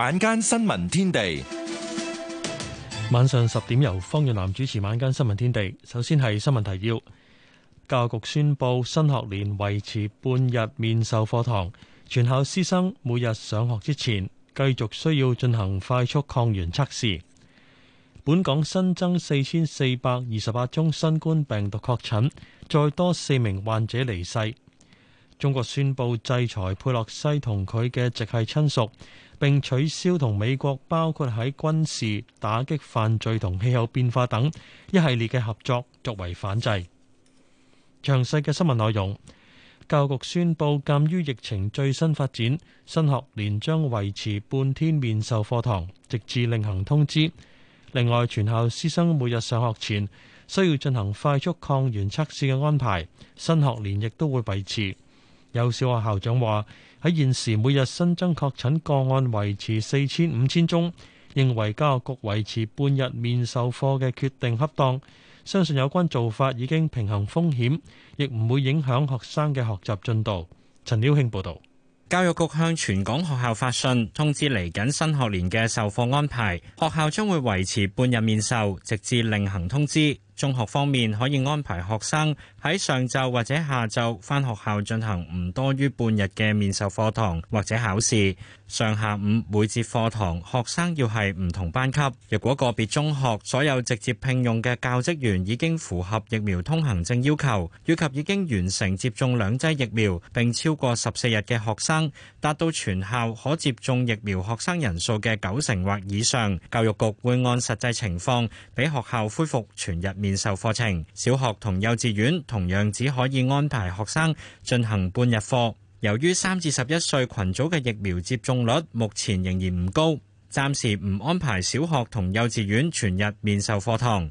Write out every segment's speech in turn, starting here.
晚間新聞天地，晚上十點由方潤南主持。晚間新聞天地，首先係新聞提要。教育局宣佈新學年維持半日面授課堂，全校師生每日上學之前繼續需要進行快速抗原測試。本港新增四千四百二十八宗新冠病毒確診，再多四名患者離世。中國宣布制裁佩洛西同佢嘅直係親屬，並取消同美國包括喺軍事、打擊犯罪同氣候變化等一系列嘅合作，作為反制。詳細嘅新聞內容，教育局宣布，鑒於疫情最新發展，新學年將維持半天面授課堂，直至另行通知。另外，全校師生每日上學前需要進行快速抗原測試嘅安排，新學年亦都會維持。有小學校長話：喺現時每日新增確診個案維持四千五千宗，認為教育局維持半日面授課嘅決定恰當，相信有關做法已經平衡風險，亦唔會影響學生嘅學習進度。陳曉慶報道，教育局向全港學校發信通知嚟緊新學年嘅授課安排，學校將會維持半日面授，直至另行通知。中學方面，可以安排學生喺上晝或者下晝返學校進行唔多於半日嘅面授課堂或者考試。上下午每節課堂，學生要係唔同班級。如果個別中學所有直接聘用嘅教職員已經符合疫苗通行證要求，以及已經完成接種兩劑疫苗並超過十四日嘅學生，達到全校可接種疫苗學生人數嘅九成或以上，教育局會按實際情況俾學校恢復全日面。面授課程，小學同幼稚園同樣只可以安排學生進行半日課。由於三至十一歲群組嘅疫苗接種率目前仍然唔高，暫時唔安排小學同幼稚園全日面授課堂。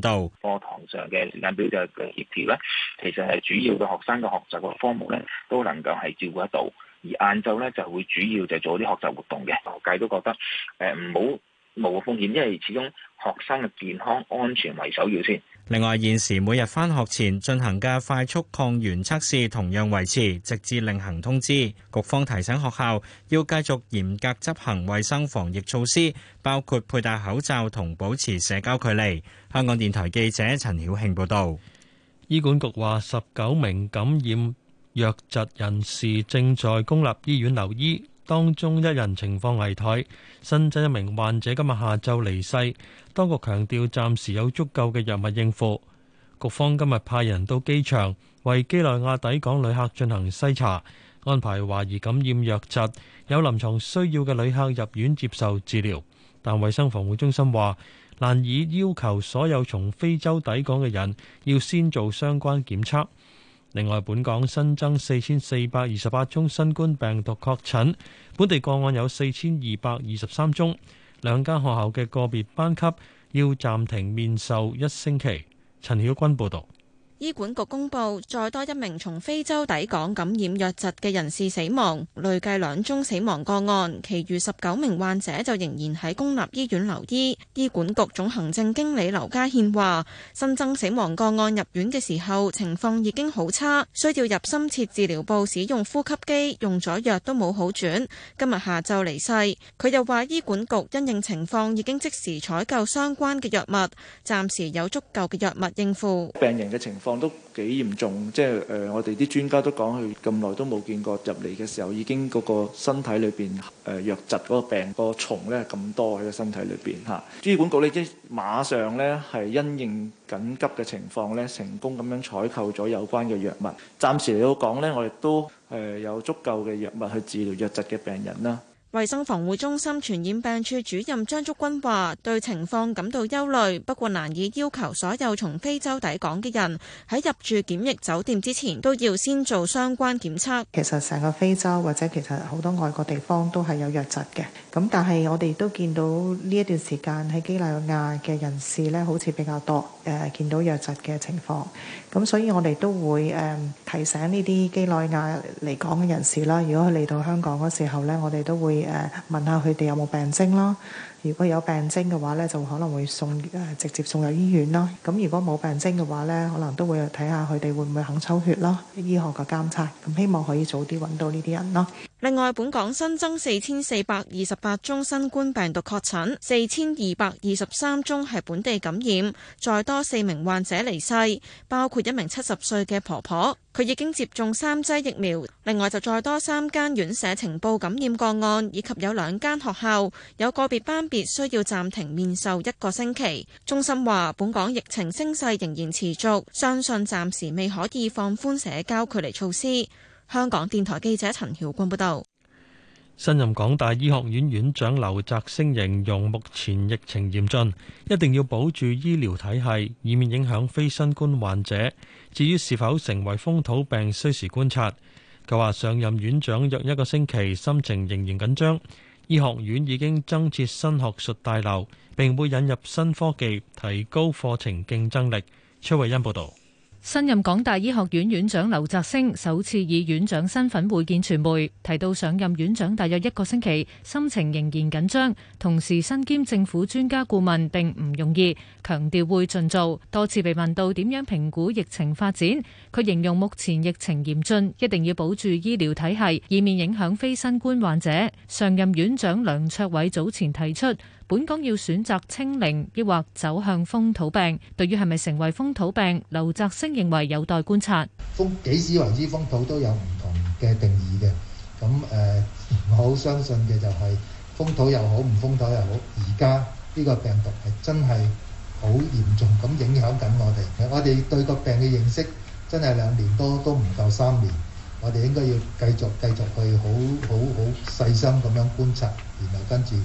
到課堂上嘅時間表就嘅協調咧，其實係主要嘅學生嘅學習嘅科目咧，都能夠係照顧得到。而晏晝咧就會主要就做啲學習活動嘅，學界都覺得誒唔好冒風險，因為始終學生嘅健康安全為首要先。另外，現時每日返學前進行嘅快速抗原測試同樣維持，直至另行通知。局方提醒學校要繼續嚴格執行衛生防疫措施，包括佩戴口罩同保持社交距離。香港電台記者陳曉慶報道。醫管局話，十九名感染瘧疾人士正在公立醫院留醫。當中一人情況危殆。深圳一名患者今日下晝離世。當局強調暫時有足夠嘅藥物應付。局方今日派人到機場為基內亞抵港旅客進行篩查，安排懷疑感染藥疾、有臨床需要嘅旅客入院接受治療。但衛生防護中心話難以要求所有從非洲抵港嘅人要先做相關檢測。另外，本港新增四千四百二十八宗新冠病毒確診，本地個案有四千二百二十三宗。兩間學校嘅個別班級要暫停面授一星期。陳曉君報道。醫管局公布再多一名從非洲抵港感染瘧疾嘅人士死亡，累計兩宗死亡個案，其餘十九名患者就仍然喺公立醫院留醫。醫管局總行政經理劉家憲話：新增死亡個案入院嘅時候情況已經好差，需要入深切治療部使用呼吸機，用咗藥都冇好轉，今日下晝離世。佢又話醫管局因應情況已經即時採購相關嘅藥物，暫時有足夠嘅藥物應付病人嘅情況。都幾嚴重，即係誒，我哋啲專家都講，佢咁耐都冇見過入嚟嘅時候，已經嗰個身體裏邊誒瘧疾嗰個病、嗰個蟲咧咁多喺個身體裏邊嚇。醫、啊、管局呢，即馬上咧係因應緊急嘅情況咧，成功咁樣採購咗有關嘅藥物。暫時嚟到講咧，我哋都誒、呃、有足夠嘅藥物去治療瘧疾嘅病人啦。衛生防護中心傳染病處主任張竹君話，對情況感到憂慮，不過難以要求所有從非洲抵港嘅人喺入住檢疫酒店之前都要先做相關檢測。其實成個非洲或者其實好多外國地方都係有瘧疾嘅，咁但係我哋都見到呢一段時間喺幾內亞嘅人士咧，好似比較多。誒、呃、見到瘧疾嘅情況，咁所以我哋都會誒、呃、提醒呢啲幾內亞嚟港嘅人士啦。如果佢嚟到香港嗰時候咧，我哋都會誒、呃、問下佢哋有冇病徵囉。如果有病徵嘅話咧，就可能會送誒直接送入醫院咯。咁如果冇病徵嘅話咧，可能都會睇下佢哋會唔會肯抽血咯，醫學嘅監察，咁希望可以早啲揾到呢啲人咯。另外，本港新增四千四百二十八宗新冠病毒確診，四千二百二十三宗係本地感染，再多四名患者離世，包括一名七十歲嘅婆婆。佢已經接種三劑疫苗，另外就再多三間院舍呈報感染個案，以及有兩間學校有個別班別需要暫停面授一個星期。中心話，本港疫情升勢仍然持續，相信暫時未可以放寬社交距離措施。香港電台記者陳曉君報道。新任港大醫學院院長劉澤星形容目前疫情嚴峻，一定要保住醫療體系，以免影響非新冠患者。至於是否成為風土病，需時觀察。佢話上任院長約一個星期，心情仍然緊張。醫學院已經增設新學術大樓，並會引入新科技，提高課程競爭力。崔慧欣報道。新任港大醫學院院長劉澤星首次以院長身份會見傳媒，提到上任院長大約一個星期，心情仍然緊張，同時身兼政府專家顧問並唔容易，強調會盡做。多次被問到點樣評估疫情發展，佢形容目前疫情嚴峻，一定要保住醫療體系，以免影響非新冠患者。上任院長梁卓偉早前提出。本港要選擇清零，抑或走向風土病？對於係咪成為風土病，劉澤星認為有待觀察。風幾時為之風土都有唔同嘅定義嘅。咁誒、呃，我好相信嘅就係風土又好唔風土又好，而家呢個病毒係真係好嚴重，咁影響緊我哋。我哋對個病嘅認識真係兩年多都唔夠三年，我哋應該要繼續繼續去好好好細心咁樣觀察，然後跟住，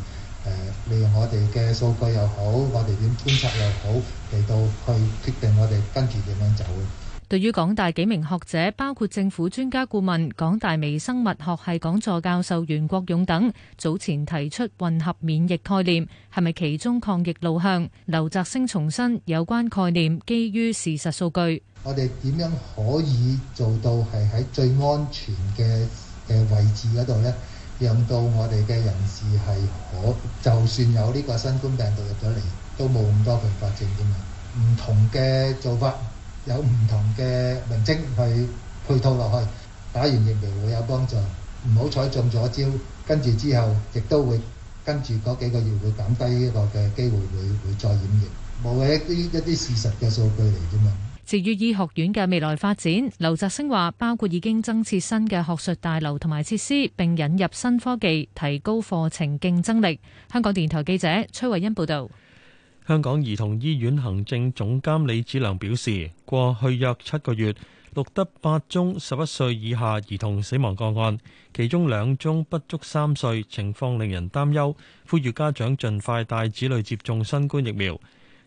誒利用我哋嘅數據又好，我哋點觀察又好，嚟到去決定我哋跟住點樣走嘅。對於港大幾名學者，包括政府專家顧問、港大微生物學系講座教授袁國勇等，早前提出混合免疫概念，係咪其中抗疫路向？劉澤星重申有關概念基於事實數據。我哋點樣可以做到係喺最安全嘅嘅位置嗰度呢？令到我哋嘅人士係可，就算有呢個新冠病毒入咗嚟，都冇咁多併發症啫嘛。唔同嘅做法有唔同嘅名稱去配套落去，打完疫苗會有幫助。唔好彩中咗招，跟住之後亦都會跟住嗰幾個月會減低呢個嘅機會,會，會會再染疫。冇係一啲一啲事實嘅數據嚟啫嘛。至於醫學院嘅未來發展，劉澤星話：包括已經增設新嘅學術大樓同埋設施，並引入新科技，提高課程競爭力。香港電台記者崔慧欣報導。香港兒童醫院行政總監李子良表示，過去約七個月錄得八宗十一歲以下兒童死亡個案，其中兩宗不足三歲，情況令人擔憂，呼籲家長盡快帶子女接種新冠疫苗。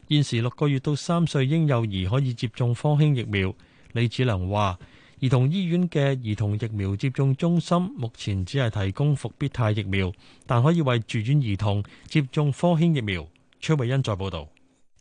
現時六個月到三歲嬰幼兒可以接種科興疫苗。李子良話：兒童醫院嘅兒童疫苗接種中心目前只係提供復必泰疫苗，但可以為住院兒童接種科興疫苗。崔慧恩再報道。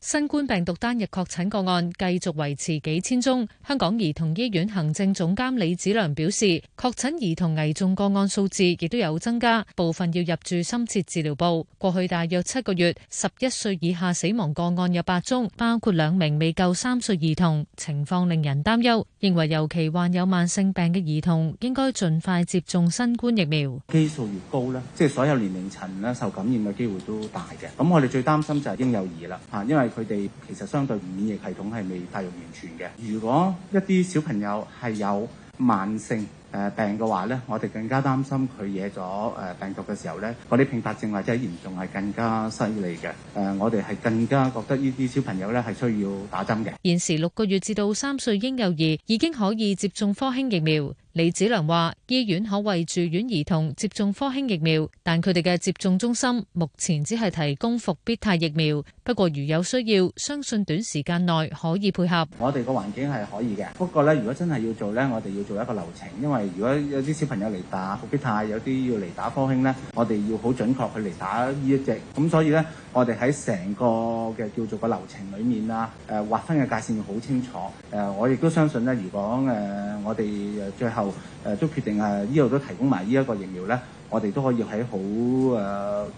新冠病毒單日確診個案繼續維持幾千宗。香港兒童醫院行政總監李子良表示，確診兒童危重個案數字亦都有增加，部分要入住深切治療部。過去大約七個月，十一歲以下死亡個案有八宗，包括兩名未夠三歲兒童，情況令人擔憂。認為尤其患有慢性病嘅兒童應該盡快接種新冠疫苗。基數越高咧，即係所有年齡層咧受感染嘅機會都大嘅。咁我哋最擔心就係嬰幼兒啦，吓，因為佢哋其實相對免疫系統係未發育完全嘅。如果一啲小朋友係有慢性誒病嘅話咧，我哋更加擔心佢惹咗誒病毒嘅時候咧，嗰啲併發症或者嚴重係更加犀利嘅。誒，我哋係更加覺得呢啲小朋友咧係需要打針嘅。現時六個月至到三歲嬰幼兒已經可以接種科興疫苗。李子良話：醫院可為住院兒童接種科興疫苗，但佢哋嘅接種中心目前只係提供復必泰疫苗。不過如有需要，相信短時間內可以配合。我哋個環境係可以嘅，不過咧，如果真係要做咧，我哋要做一個流程，因為如果有啲小朋友嚟打復必泰，有啲要嚟打科興咧，我哋要好準確去嚟打呢一隻。咁所以咧，我哋喺成個嘅叫做個流程裡面啊，誒劃分嘅界線要好清楚。誒，我亦都相信咧，如果誒、呃、我哋最後誒都決定啊，呢度都提供埋呢一個疫苗咧，我哋都可以喺好誒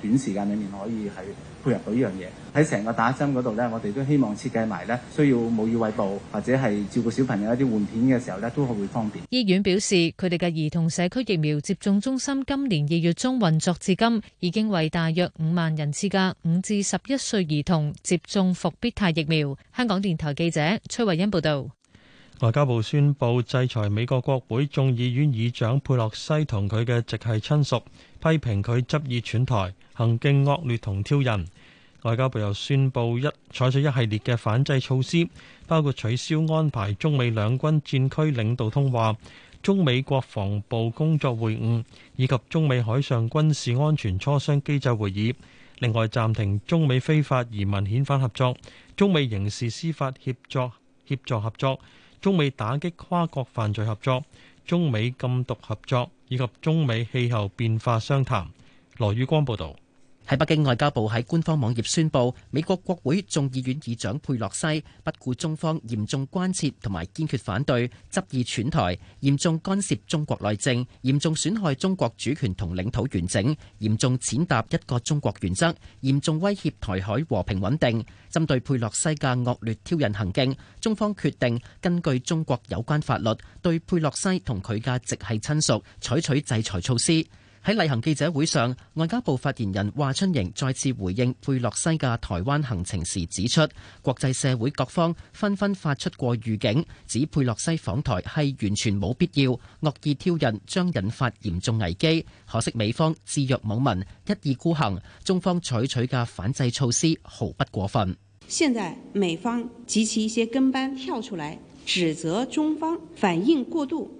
短時間裏面可以係配合到呢樣嘢。喺成個打針嗰度咧，我哋都希望設計埋咧，需要母乳餵哺或者係照顧小朋友一啲換片嘅時候咧，都係會方便。醫院表示，佢哋嘅兒童社區疫苗接種中心今年二月中運作至今，已經為大約五萬人次嘅五至十一歲兒童接種復必泰疫苗。香港電台記者崔慧欣報道。外交部宣布制裁美國國會眾議院議長佩洛西同佢嘅直系親屬，批評佢執意竄台，行徑惡劣同挑釁。外交部又宣布一採取一系列嘅反制措施，包括取消安排中美兩軍戰區領導通話、中美國防部工作會晤以及中美海上軍事安全磋商機制會議，另外暫停中美非法移民遣返合作、中美刑事司法協助協助合作。中美打擊跨國犯罪合作、中美禁毒合作以及中美氣候變化商談。羅宇光報道。喺北京，外交部喺官方網頁宣布，美國國會眾議院議長佩洛西不顧中方嚴重關切同埋堅決反對，執意串台，嚴重干涉中國內政，嚴重損害中國主權同領土完整，嚴重踐踏一個中國原則，嚴重威脅台海和平穩定。針對佩洛西嘅惡劣挑釁行徑，中方決定根據中國有關法律，對佩洛西同佢嘅直系親屬採取制裁措施。喺例行記者會上，外交部發言人華春瑩再次回應佩洛西嘅台灣行程時指出，國際社會各方紛紛發出過預警，指佩洛西訪台係完全冇必要，惡意挑釁將引發嚴重危機。可惜美方置若罔聞，一意孤行，中方採取嘅反制措施毫不過分。現在美方及其一些跟班跳出來，指責中方反應過度。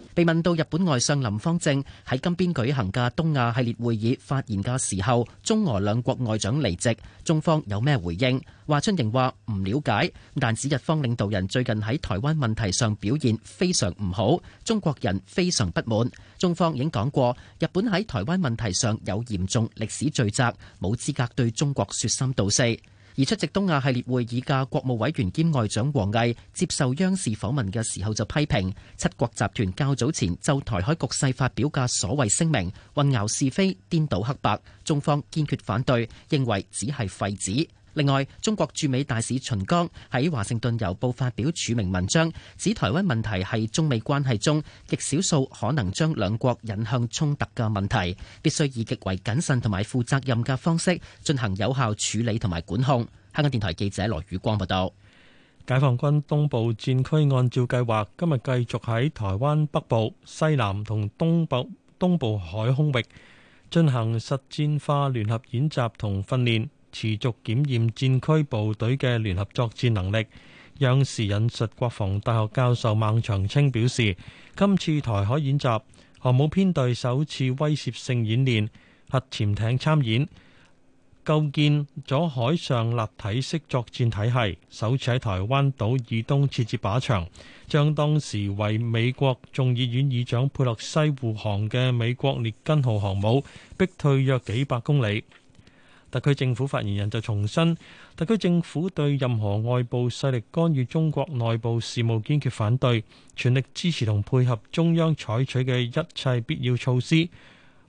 被問到日本外相林方正喺金邊舉行嘅東亞系列會議發言嘅時候，中俄兩國外長離席，中方有咩回應？華春瑩話唔了解，但指日方領導人最近喺台灣問題上表現非常唔好，中國人非常不滿。中方已經講過，日本喺台灣問題上有嚴重歷史罪責，冇資格對中國説三道四。而出席東亞系列會議嘅國務委員兼外長王毅接受央視訪問嘅時候就批評，七國集團較早前就台海局勢發表嘅所謂聲明，混淆是非，顛倒黑白，中方堅決反對，認為只係廢紙。另外，中國駐美大使秦剛喺華盛頓郵報發表署名文章，指台灣問題係中美關係中極少數可能將兩國引向衝突嘅問題，必須以極為謹慎同埋負責任嘅方式進行有效處理同埋管控。香港電台記者羅宇光報道。解放軍東部戰區按照計劃今日繼續喺台灣北部、西南同東北東部海空域進行實戰化聯合演習同訓練。持續檢驗戰區部隊嘅聯合作戰能力。央視引述國防大學教授孟長青表示，今次台海演習，航母編隊首次威懾性演練，核潛艇參演，構建咗海上立體式作戰體系。首次喺台灣島以東設置靶場，將當時為美國眾議院議長佩洛西護航嘅美國列根號航母逼退約幾百公里。特區政府發言人就重申，特區政府對任何外部勢力干預中國內部事務堅決反對，全力支持同配合中央採取嘅一切必要措施，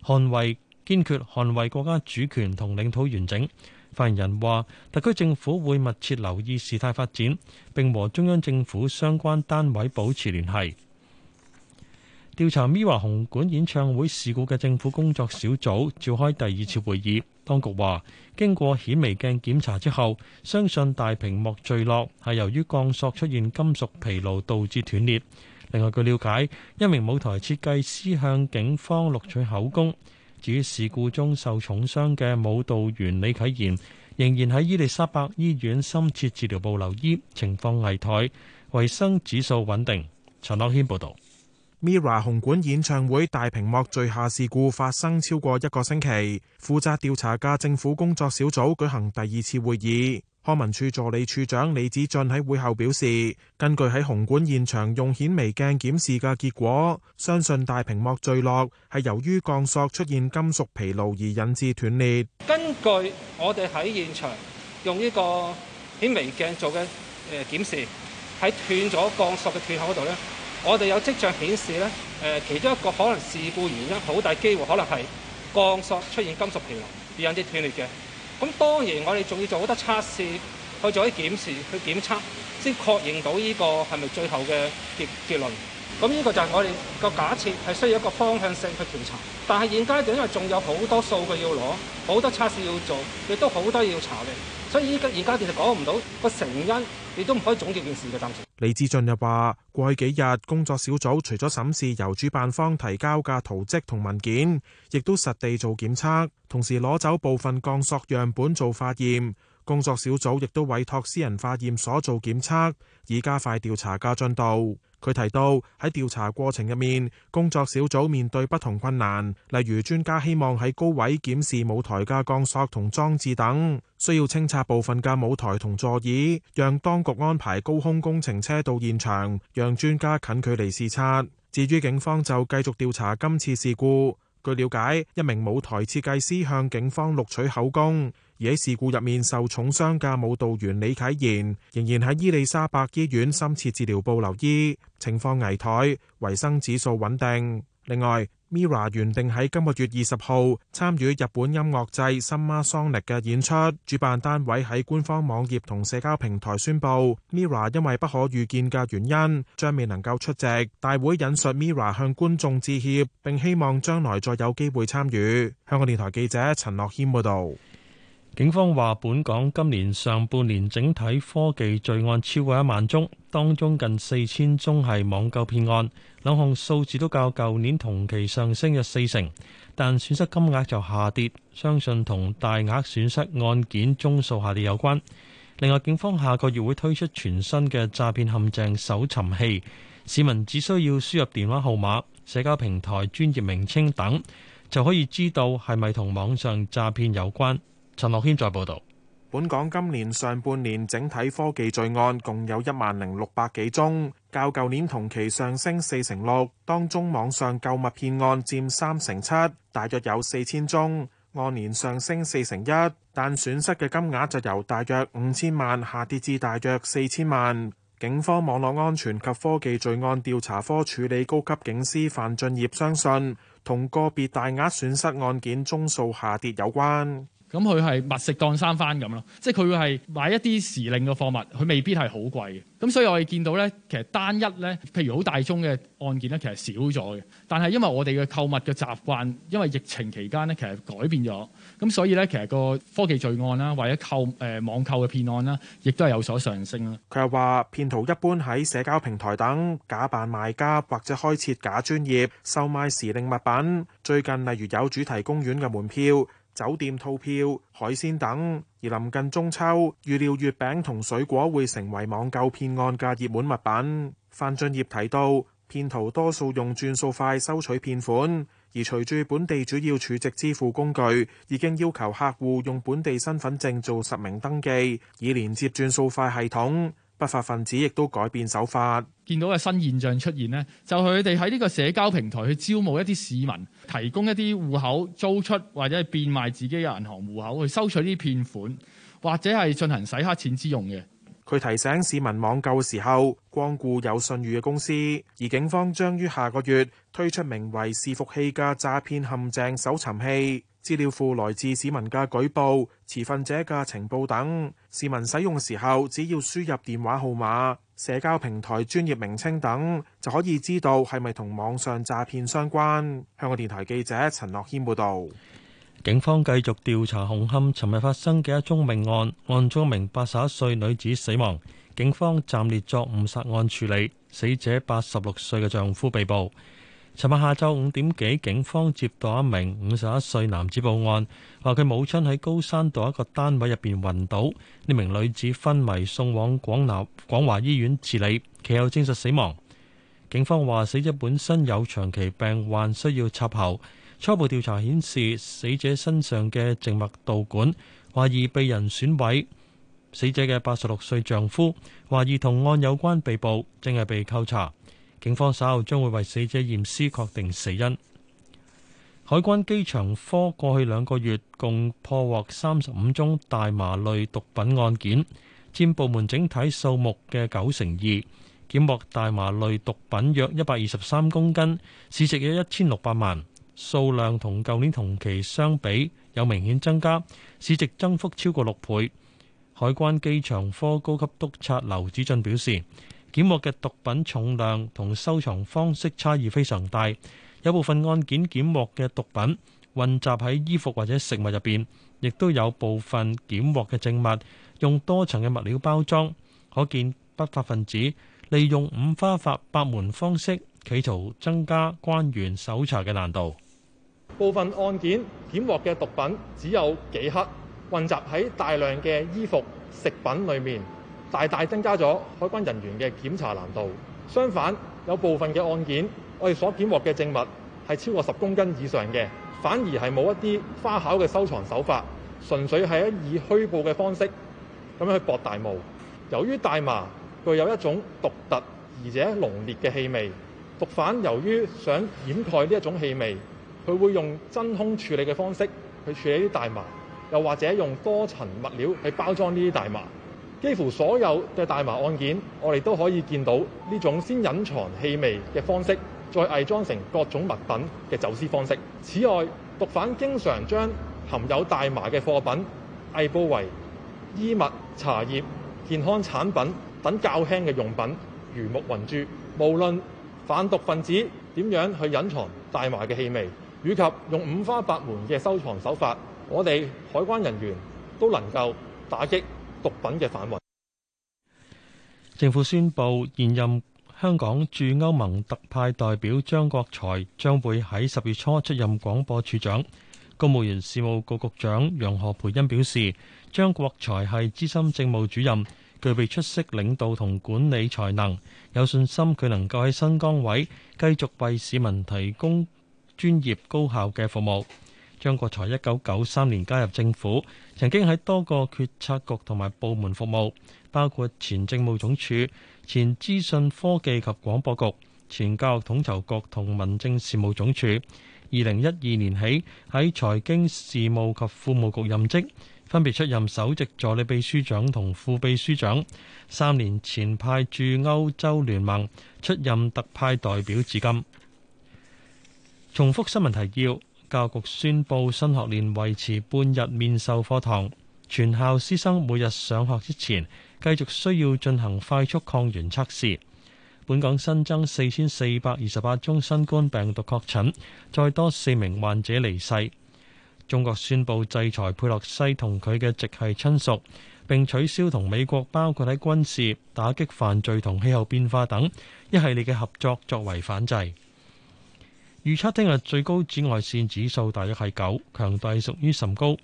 捍衛，堅決捍衛國家主權同領土完整。發言人話，特區政府會密切留意事態發展，並和中央政府相關單位保持聯繫。調查咪華紅館演唱會事故嘅政府工作小組召開第二次會議。當局話，經過顯微鏡檢查之後，相信大屏幕墜落係由於鋼索出現金屬疲勞導致斷裂。另外，據了解，一名舞台設計師向警方錄取口供。至於事故中受重傷嘅舞蹈員李啟賢，仍然喺伊利沙伯醫院深切治療部留醫，情況危殆，衛生指數穩定。陳樂軒報道。Mira 紅館演唱會大屏幕墜下事故發生超過一個星期，負責調查嘅政府工作小組舉行第二次會議。康文署助理處長李子俊喺會後表示，根據喺紅館現場用顯微鏡檢視嘅結果，相信大屏幕墜落係由於鋼索出現金屬疲勞而引致斷裂。根據我哋喺現場用呢個顯微鏡做嘅誒檢視，喺斷咗鋼索嘅斷口度呢。我哋有跡象顯示咧，誒、呃、其中一個可能事故原因，好大機會可能係鋼索出現金屬疲勞而引致斷裂嘅。咁當然我哋仲要做好多測試，去做啲檢視、去檢測，先確認到呢個係咪最後嘅結結論。咁呢個就係我哋個假設，係需要一個方向性去調查。但係現階段因為仲有好多數據要攞，好多測試要做，亦都好多要查嘅。所以依家而家其實講唔到個成因，你都唔可以總結件事嘅，暫時。李志俊又話，過去幾日，工作小組除咗審視由主辦方提交嘅圖則同文件，亦都實地做檢測，同時攞走部分鋼索樣本做化驗，工作小組亦都委託私人化驗所做檢測，以加快調查嘅進度。佢提到喺調查過程入面，工作小組面對不同困難，例如專家希望喺高位檢視舞台嘅鋼索同裝置等，需要清拆部分嘅舞台同座椅，讓當局安排高空工程車到現場，讓專家近距離視察。至於警方就繼續調查今次事故。據了解，一名舞台設計師向警方錄取口供。而喺事故入面受重傷嘅舞蹈員李啟賢仍然喺伊利沙伯醫院深切治療部留醫，情況危殆，維生指數穩定。另外，Mira 原定喺今個月二十號參與日本音樂祭 Summer Sonic 嘅演出，主辦單位喺官方網頁同社交平台宣布，Mira 因為不可預見嘅原因將未能夠出席大會。引述 Mira 向觀眾致歉，並希望將來再有機會參與。香港電台記者陳樂謙報道。警方話，本港今年上半年整體科技罪案超過一萬宗，當中近四千宗係網購騙案，兩項數字都較舊年同期上升約四成，但損失金額就下跌，相信同大額損失案件宗數下跌有關。另外，警方下個月會推出全新嘅詐騙陷阱搜尋器，市民只需要輸入電話號碼、社交平台專業名稱等，就可以知道係咪同網上詐騙有關。陳樂軒再報道，本港今年上半年整體科技罪案共有一萬零六百幾宗，較舊年同期上升四成六。當中網上購物騙案佔三成七，大約有四千宗，按年上升四成一。但損失嘅金額就由大約五千萬下跌至大約四千萬。警方網絡安全及科技罪案調查科處理高級警司范俊業相信，同個別大額損，損失案件宗數下跌有關。咁佢係物食降生翻咁咯，即係佢會係買一啲時令嘅貨物，佢未必係好貴嘅。咁所以我哋見到咧，其實單一咧，譬如好大宗嘅案件咧，其實少咗嘅。但係因為我哋嘅購物嘅習慣，因為疫情期間咧，其實改變咗。咁所以咧，其實個科技罪案啦，或者購誒、呃、網購嘅騙案啦，亦都係有所上升啊。佢又話騙徒一般喺社交平台等假扮賣家，或者開設假專業售賣時令物品。最近例如有主題公園嘅門票、酒店套票、海鮮等。而臨近中秋，預料月餅同水果會成為網購騙案嘅熱門物品。范俊業提到，騙徒多數用轉數快收取騙款。而隨住本地主要儲值支付工具已經要求客戶用本地身份證做實名登記，以連接轉數快系統，不法分子亦都改變手法。見到嘅新現象出現呢，就佢哋喺呢個社交平台去招募一啲市民，提供一啲戶口租出或者係變賣自己嘅銀行戶口去收取啲騙款，或者係進行洗黑錢之用嘅。佢提醒市民網購嘅時候，光顧有信譽嘅公司。而警方將於下個月推出名為視伺器嘅詐騙陷阱搜尋器資料庫，來自市民嘅舉報、持份者嘅情報等。市民使用嘅時候，只要輸入電話號碼、社交平台專業名稱等，就可以知道係咪同網上詐騙相關。香港電台記者陳樂軒報導。警方繼續調查紅磡尋日發生嘅一宗命案，案中一名八十一歲女子死亡，警方暫列作誤殺案處理。死者八十六歲嘅丈夫被捕。尋日下晝五點幾，警方接到一名五十一歲男子報案，話佢母親喺高山道一個單位入邊暈倒，呢名女子昏迷送往廣南廣華醫院治理，其後證實死亡。警方話死者本身有長期病患，需要插喉。初步調查顯示，死者身上嘅靜脈導管懷疑被人損毀。死者嘅八十六歲丈夫懷疑同案有關被捕，正係被扣查。警方稍後將會為死者驗屍，確定死因。海關機場科過去兩個月共破獲三十五宗大麻類毒品案件，佔部門整體數目嘅九成二，檢獲大麻類毒品約一百二十三公斤，市值約一千六百萬。數量同舊年同期相比有明顯增加，市值增幅超過六倍。海關機場科高級督察劉子俊表示，檢獲嘅毒品重量同收藏方式差異非常大，有部分案件檢獲嘅毒品混雜喺衣服或者食物入邊，亦都有部分檢獲嘅證物用多層嘅物料包裝，可見不法分子利用五花八門方式，企圖增加關員搜查嘅難度。部分案件檢獲嘅毒品只有幾克，混雜喺大量嘅衣服、食品裏面，大大增加咗海關人員嘅檢查難度。相反，有部分嘅案件，我哋所檢獲嘅證物係超過十公斤以上嘅，反而係冇一啲花巧嘅收藏手法，純粹係以虛報嘅方式咁樣去博大霧。由於大麻具有一種獨特而且濃烈嘅氣味。毒販由於想掩蓋呢一種氣味，佢會用真空處理嘅方式去處理啲大麻，又或者用多層物料去包裝呢啲大麻。幾乎所有嘅大麻案件，我哋都可以見到呢種先隱藏氣味嘅方式，再偽裝成各種物品嘅走私方式。此外，毒販經常將含有大麻嘅貨品偽報為衣物、茶葉、健康產品等較輕嘅用品，魚目混珠。無論販毒分子點樣去隱藏大麻嘅氣味，以及用五花八門嘅收藏手法，我哋海關人員都能夠打擊毒品嘅販運。政府宣布現任香港駐歐盟特派代表張國才將會喺十月初出任廣播處長。公務員事務局局長楊何培恩表示，張國才係資深政務主任。具備出色領導同管理才能，有信心佢能夠喺新崗位繼續為市民提供專業高效嘅服務。張國才一九九三年加入政府，曾經喺多個決策局同埋部門服務，包括前政務總署、前資訊科技及廣播局、前教育統籌局同民政事務總署。二零一二年起喺財經事務及庫務局任職。分別出任首席助理秘書長同副秘書長，三年前派駐歐洲聯盟出任特派代表至今。重複新聞提要：教育局宣布新學年維持半日面授課堂，全校師生每日上學之前繼續需要進行快速抗原測試。本港新增四千四百二十八宗新冠病毒確診，再多四名患者離世。中國宣布制裁佩洛西同佢嘅直系親屬，並取消同美國包括喺軍事、打擊犯罪同氣候變化等一系列嘅合作，作為反制。預測聽日最高紫外線指數大約係九，強度屬於甚高。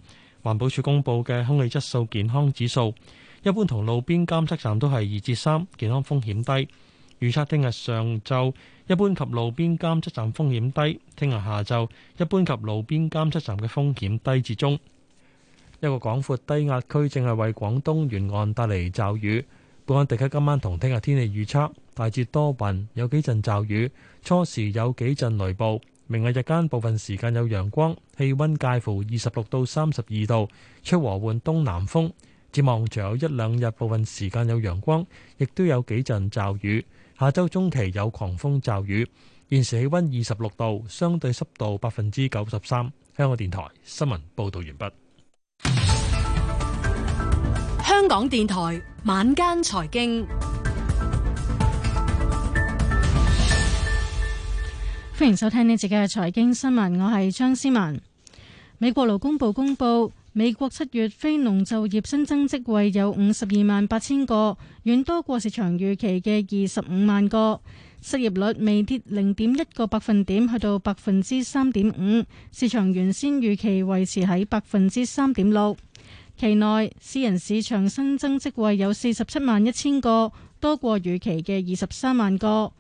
環保署公布嘅空氣質素健康指數，一般同路邊監測站都係二至三，健康風險低。預測聽日上晝一般及路邊監測站風險低，聽日下晝一般及路邊監測站嘅風險低至中。一個廣闊低壓區正係為廣東沿岸帶嚟驟雨。本港地區今晚同聽日天氣預測大致多雲，有幾陣驟雨，初時有幾陣雷暴。明日日間部分時間有陽光，氣溫介乎二十六到三十二度，吹和緩東南風。展望仲有一兩日部分時間有陽光，亦都有幾陣驟雨。下周中期有狂風驟雨，現時氣溫二十六度，相對濕度百分之九十三。香港電台新聞報道完畢。香港電台晚間財經，經歡迎收聽呢節嘅財經新聞，我係張思文。美國勞工部公布，公布。美國七月非農就業新增職位有五十二萬八千個，遠多過市場預期嘅二十五萬個。失業率未跌零點一個百分點，去到百分之三點五，市場原先預期維持喺百分之三點六。期內私人市場新增職位有四十七萬一千個，多過預期嘅二十三萬個。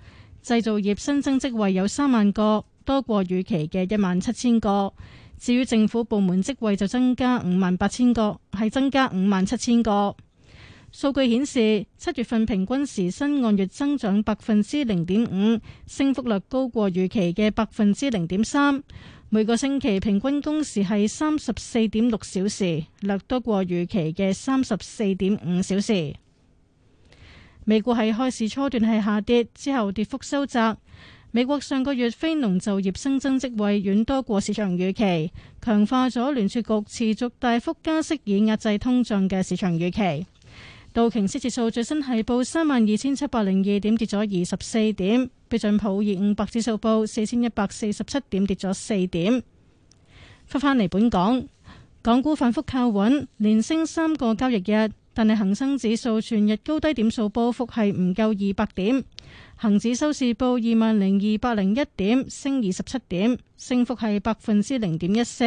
製造業新增職位有三萬個，多過預期嘅一萬七千個。至於政府部門職位就增加五萬八千個，係增加五萬七千個。數據顯示，七月份平均時薪按月增長百分之零點五，升幅略高過預期嘅百分之零點三。每個星期平均工時係三十四點六小時，略多過預期嘅三十四點五小時。美股係開始初段係下跌，之後跌幅收窄。美國上個月非農就業新增職位遠多過市場預期，強化咗聯儲局持續大幅加息以壓制通脹嘅市場預期。道瓊斯指數最新係報三萬二千七百零二點，跌咗二十四點；標準普爾五百指數報四千一百四十七點，跌咗四點。翻返嚟本港，港股反覆靠穩，連升三個交易日，但係恒生指數全日高低點數波幅係唔夠二百點。恒指收市報二萬零二百零一點，升二十七點，升幅係百分之零點一四。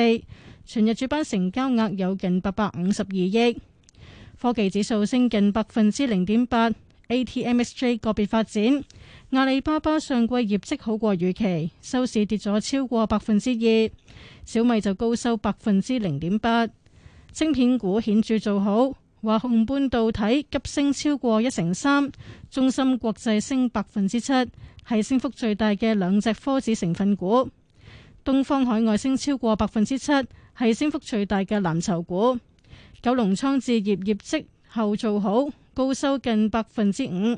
全日主板成交額有近八百五十二億。科技指數升近百分之零點八。ATMXJ 個別發展，阿里巴巴上季業績好過預期，收市跌咗超過百分之二。小米就高收百分之零點八。晶片股顯著做好。華虹半導體急升超過一成三，中芯國際升百分之七，係升幅最大嘅兩隻科指成分股。東方海外升超過百分之七，係升幅最大嘅藍籌股。九龍倉置業業績後造好，高收近百分之五。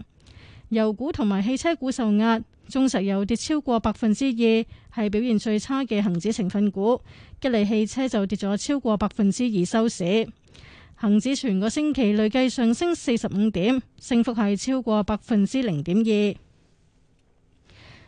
油股同埋汽車股受壓，中石油跌超過百分之二，係表現最差嘅恒指成分股。吉利汽車就跌咗超過百分之二收市。恒指全個星期累計上升四十五點，升幅係超過百分之零點二，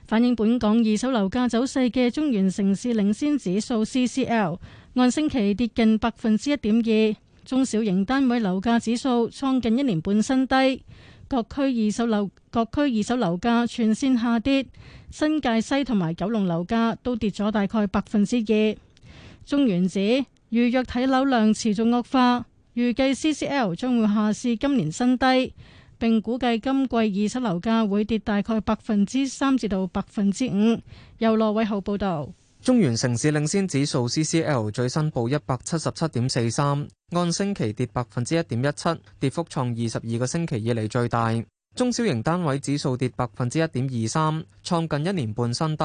反映本港二手樓價走勢嘅中原城市領先指數 （CCL） 按星期跌近百分之一點二。中小型單位樓價指數創近一年半新低，各區二手樓各區二手樓價全線下跌，新界西同埋九龍樓價都跌咗大概百分之二。中原指預約睇樓量持續惡化。預計 CCL 將會下試今年新低，並估計今季二手樓價會跌大概百分之三至到百分之五。由羅偉豪報導，中原城市領先指數 CCL 最新報一百七十七點四三，按星期跌百分之一點一七，跌幅創二十二個星期以嚟最大。中小型單位指數跌百分之一點二三，創近一年半新低；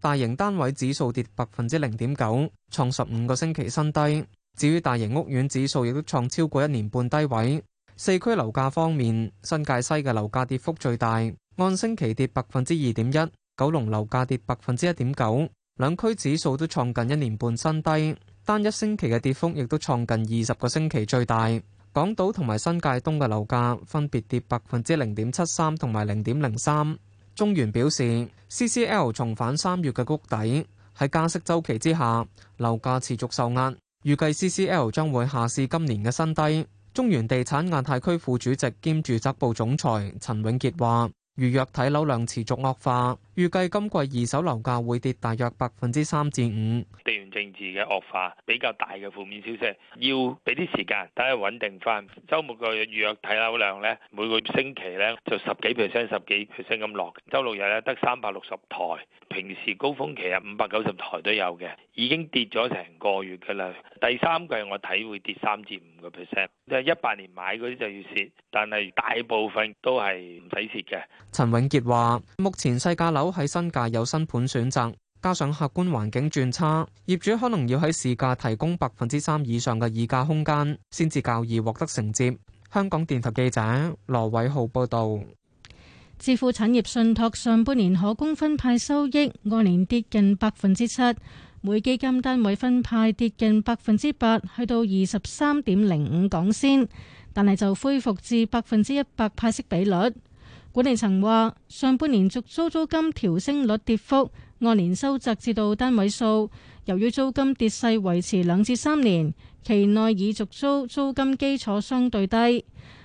大型單位指數跌百分之零點九，創十五個星期新低。至於大型屋苑指數亦都創超過一年半低位。四區樓價方面，新界西嘅樓價跌幅最大，按星期跌百分之二點一，九龍樓價跌百分之一點九，兩區指數都創近一年半新低，單一星期嘅跌幅亦都創近二十個星期最大。港島同埋新界東嘅樓價分別跌百分之零點七三同埋零點零三。中原表示，CCL 重返三月嘅谷底，喺加息周期之下樓價持續受壓。預計 CCL 將會下試今年嘅新低。中原地產亞太區副主席兼住宅部總裁陳永傑話，預約睇樓量持續惡化。預計今季二手樓價會跌大約百分之三至五。地緣政治嘅惡化比較大嘅負面消息，要俾啲時間睇下穩定翻。週末個預約睇樓量咧，每個星期咧就十幾 percent、十幾 percent 咁落。周六日咧得三百六十台，平時高峰期啊五百九十台都有嘅，已經跌咗成個月㗎啦。第三季我睇會跌三至五個 percent。一八年買嗰啲就要蝕，但係大部分都係唔使蝕嘅。陳永傑話：目前細價樓。都喺新界有新盤選擇，加上客觀環境轉差，業主可能要喺市價提供百分之三以上嘅議價空間，先至較易獲得承接。香港電台記者羅偉浩報道，置富產業信託上半年可供分派收益按年跌近百分之七，每基金單位分派跌近百分之八，去到二十三點零五港仙，但係就恢復至百分之一百派息比率。管理層話，上半年續租租金調升率跌幅，按年收窄至到單位數。由於租金跌勢維持兩至三年，期內以續租租金基礎相對低。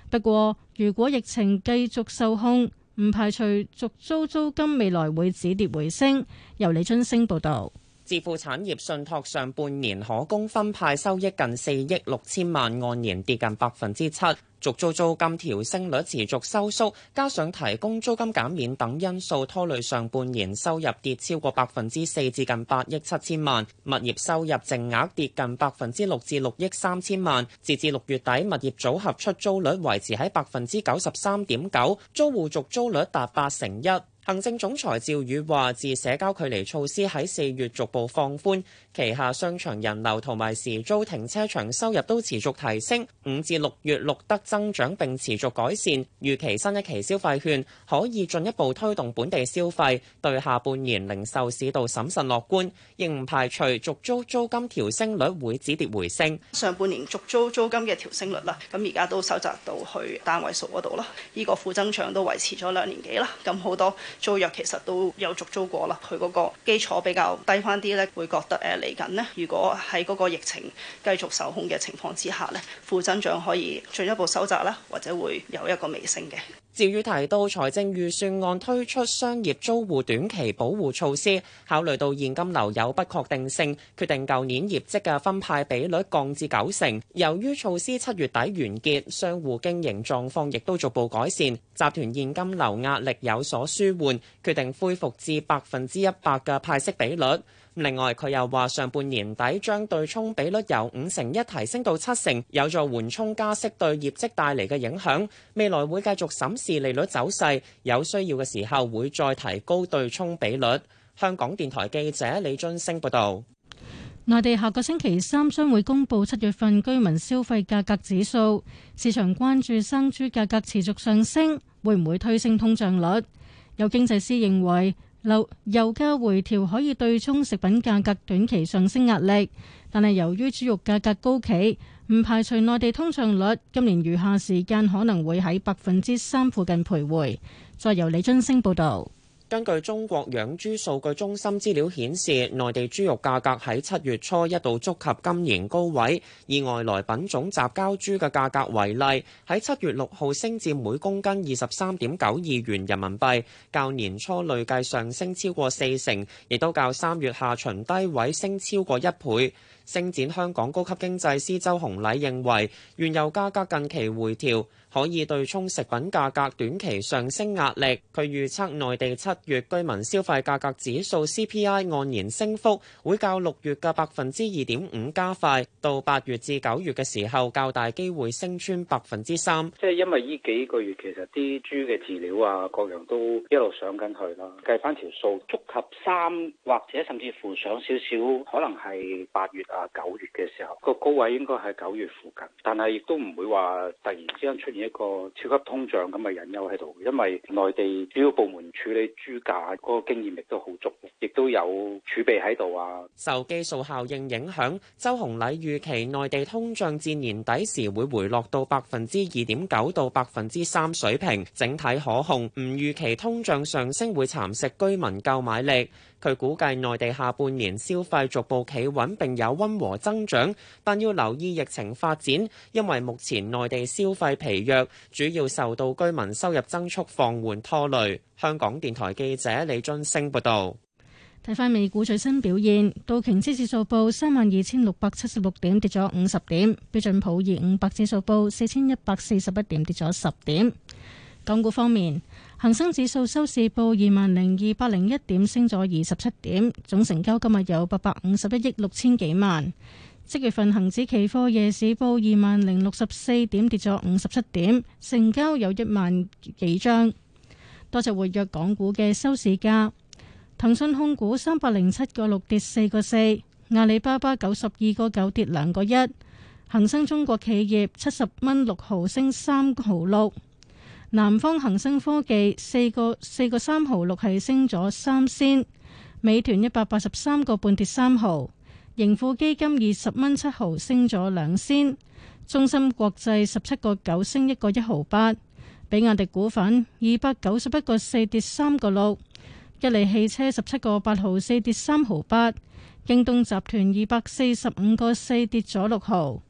不過，如果疫情繼續受控，唔排除續租租金未來會止跌回升。由李津升報道。致富產業信託上半年可供分派收益近四億六千萬，按年跌近百分之七。續租租金調升率持續收縮，加上提供租金減免等因素拖累，上半年收入跌超過百分之四，至近八億七千萬。物業收入淨額跌近百分之六，至六億三千萬。截至六月底，物業組合出租率維持喺百分之九十三點九，租戶續租率達八成一。行政總裁趙宇話，自社交距離措施喺四月逐步放寬。旗下商場人流同埋時租停車場收入都持續提升，五至六月錄得增長並持續改善。預期新一期消費券可以進一步推動本地消費，對下半年零售市道審慎樂觀，亦唔排除續租租金調升率會止跌回升。上半年續租租金嘅調升率啦，咁而家都收窄到去單位數嗰度啦，呢個負增長都維持咗兩年幾啦。咁好多租約其實都有續租過啦，佢嗰個基礎比較低翻啲咧，會覺得誒。嚟緊呢，如果喺嗰個疫情繼續受控嘅情況之下呢，負增長可以進一步收窄啦，或者會有一個微升嘅。至於提到，財政預算案推出商業租戶短期保護措施，考慮到現金流有不確定性，決定舊年業績嘅分派比率降至九成。由於措施七月底完結，商戶經營狀況亦都逐步改善，集團現金流壓力有所舒緩，決定恢復至百分之一百嘅派息比率。另外，佢又話：上半年底將對沖比率由五成一提升到七成，有助緩衝加息對業績帶嚟嘅影響。未來會繼續審視利率走勢，有需要嘅時候會再提高對沖比率。香港電台記者李津升報導。內地下個星期三將會公佈七月份居民消費價格指數，市場關注生豬價格持續上升會唔會推升通脹率？有經濟師認為，油油價回調可以對沖食品價格短期上升壓力，但係由於豬肉價格高企，唔排除內地通脹率今年餘下時間可能會喺百分之三附近徘徊。再由李津升報導。根據中國養豬數據中心資料顯示，內地豬肉價格喺七月初一度觸及今年高位，以外來品種雜交豬嘅價格為例，喺七月六號升至每公斤二十三點九二元人民幣，較年初累計上升超過四成，亦都較三月下旬低位升超過一倍。升展香港高級經濟師周紅禮認為，原油價格近期回調，可以對沖食品價格短期上升壓力。佢預測內地七月居民消費價格指數 CPI 按年升幅會較六月嘅百分之二點五加快，到八月至九月嘅時候較大機會升穿百分之三。即係因為呢幾個月其實啲豬嘅飼料啊各樣都一路上緊去啦計條數，計翻條數，觸及三或者甚至乎上少少，可能係八月啊。九月嘅時候，個高位應該係九月附近，但係亦都唔會話突然之間出現一個超級通脹咁嘅隱憂喺度，因為內地主要部門處理豬價嗰個經驗亦都好足，亦都有儲備喺度啊。受基數效應影響，周鴻禮預期內地通脹至年底時會回落到百分之二點九到百分之三水平，整體可控，唔預期通脹上升會蠶食居民購買力。佢估計內地下半年消費逐步企穩並有溫和增長，但要留意疫情發展，因為目前內地消費疲弱，主要受到居民收入增速放緩拖累。香港電台記者李津升報道：睇返美股最新表現，道瓊斯指數報三萬二千六百七十六點，跌咗五十點；標準普爾五百指數報四千一百四十一點，跌咗十點。港股方面。恒生指數收市報二萬零二百零一點，升咗二十七點，總成交今日有八百五十一億六千幾萬。即月份恒指期貨夜市報二萬零六十四點，跌咗五十七點，成交有一萬幾張。多隻活躍港股嘅收市價：騰訊控股三百零七個六跌四個四，阿里巴巴九十二個九跌兩個一，恒生中國企業七十蚊六毫升三毫六。南方恒生科技四個四個三毫六，係升咗三仙。美團一百八十三個半跌三毫。盈富基金二十蚊七毫升咗兩仙。中芯國際十七個九升一個一毫八。比亞迪股份二百九十一個四跌三個六。吉利汽車十七個八毫四跌三毫八。京東集團二百四十五個四跌咗六毫。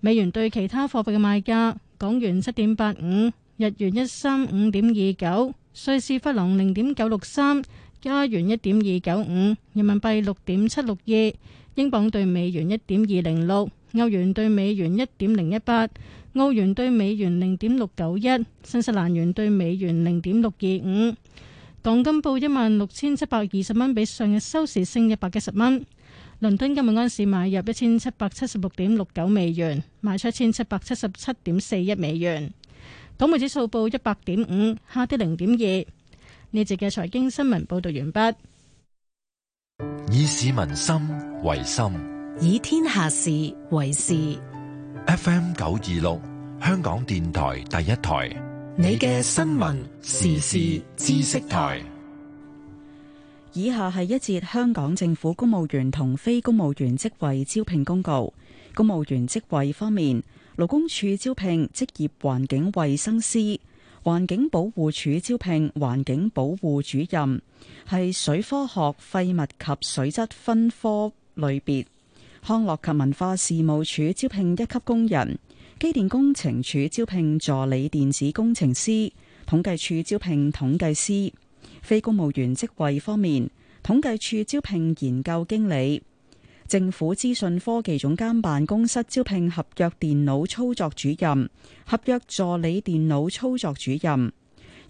美元對其他貨幣嘅賣價，港元七點八五。日元一三五點二九，瑞士法郎零點九六三，加元一點二九五，人民幣六點七六二，英鎊對美元一點二零六，歐元對美元一點零一八，澳元對美元零點六九一，新西蘭元對美元零點六二五。港金報一萬六千七百二十蚊，比上日收市升一百一十蚊。倫敦今日開市買入一千七百七十六點六九美元，賣出一千七百七十七點四一美元。港匯指數報一百點五，下跌零點二。呢節嘅財經新聞報道完畢。以市民心為心，以天下事為事。F M 九二六，香港電台第一台。你嘅新聞時事知識台。以下係一節香港政府公務員同非公務員職位招聘公告。公務員職位方面。勞工處招聘職業環境衛生師，環境保護署招聘環境保護主任，係水科學廢物及水質分科類別。康樂及文化事務署招聘一級工人，機電工程署招聘助理電子工程師，統計處招聘統計師。非公務員職位方面，統計處招聘研究經理。政府資訊科技總監辦公室招聘合約電腦操作主任、合約助理電腦操作主任、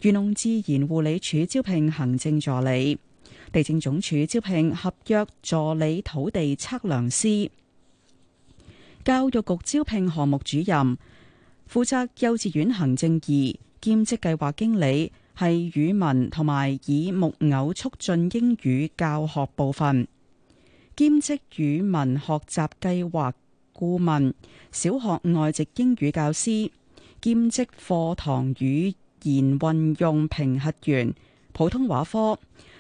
漁農自然護理署招聘行政助理、地政總署招聘合約助理土地測量師、教育局招聘項目主任，負責幼稚園行政二兼職計劃經理，係語文同埋以木偶促進英語教學部分。兼職語文學習計劃顧問、小學外籍英語教師、兼職課堂語言運用評核員、普通話科，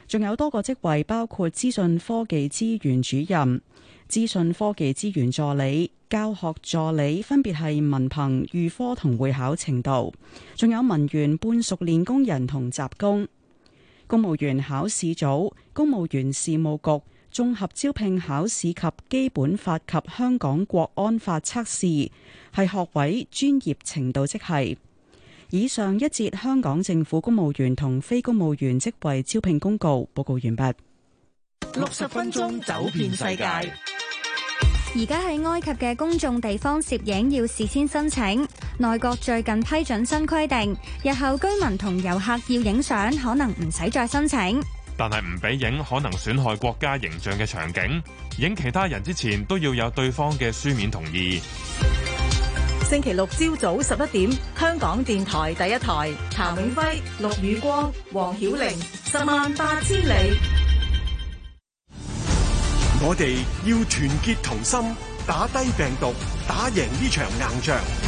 仲有多個職位，包括資訊科技資源主任、資訊科技資源助理、教學助理，分別係文憑、預科同會考程度，仲有文員、半熟練工人同雜工、公務員考試組、公務員事務局。綜合招聘考試及基本法及香港國安法測試係學位專業程度即係。以上一節香港政府公務員同非公務員職位招聘公告報告完畢。六十分鐘走遍世界。而家喺埃及嘅公眾地方攝影要事先申請。內閣最近批准新規定，日後居民同遊客要影相可能唔使再申請。但係唔俾影可能損害國家形象嘅場景，影其他人之前都要有對方嘅書面同意。星期六朝早十一點，香港電台第一台，譚永輝、陸宇光、黃曉玲，十萬八千里。我哋要團結同心，打低病毒，打贏呢場硬仗。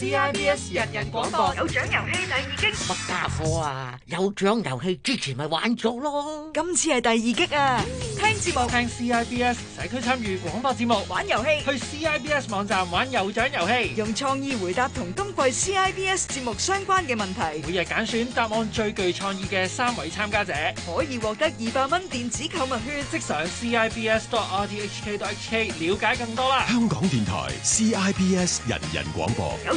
CIBS 人人廣播有獎遊戲第二擊，乜家伙啊？有獎遊戲之前咪玩咗咯，今次係第二擊啊！聽節目，聽 CIBS 社區參與廣播節目玩遊戲，去 CIBS 網站玩有獎遊戲，用創意回答同今季 CIBS 節目相關嘅問題，每日揀選答案最具創意嘅三位參加者，可以獲得二百蚊電子購物券，即上 CIBS.RTHK.HK 了解更多啦！香港電台 CIBS 人人廣播有。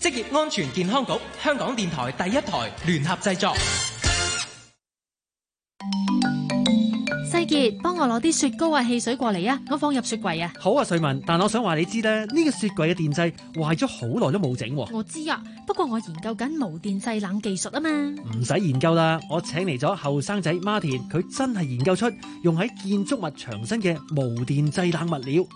職業安全健康局、香港電台第一台聯合製作。世杰，幫我攞啲雪糕啊、汽水過嚟啊，我放入雪櫃啊。好啊，瑞文，但我想話你知咧，呢、這個雪櫃嘅電掣壞咗好耐都冇整。我知啊，不過我研究緊無電製冷技術啊嘛。唔使研究啦，我請嚟咗後生仔馬田，佢真係研究出用喺建築物牆身嘅無電製冷物料。